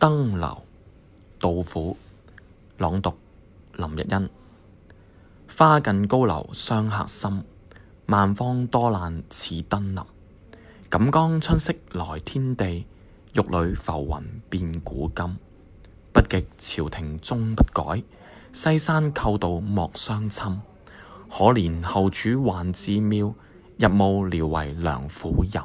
登樓，杜甫朗讀林日欣。花近高樓傷客心，萬方多難此登臨。錦江春色來天地，玉壘浮雲變古今。北極朝廷終不改，西山寇盜莫相侵。可憐後主還祠廟，日暮聊為梁甫吟。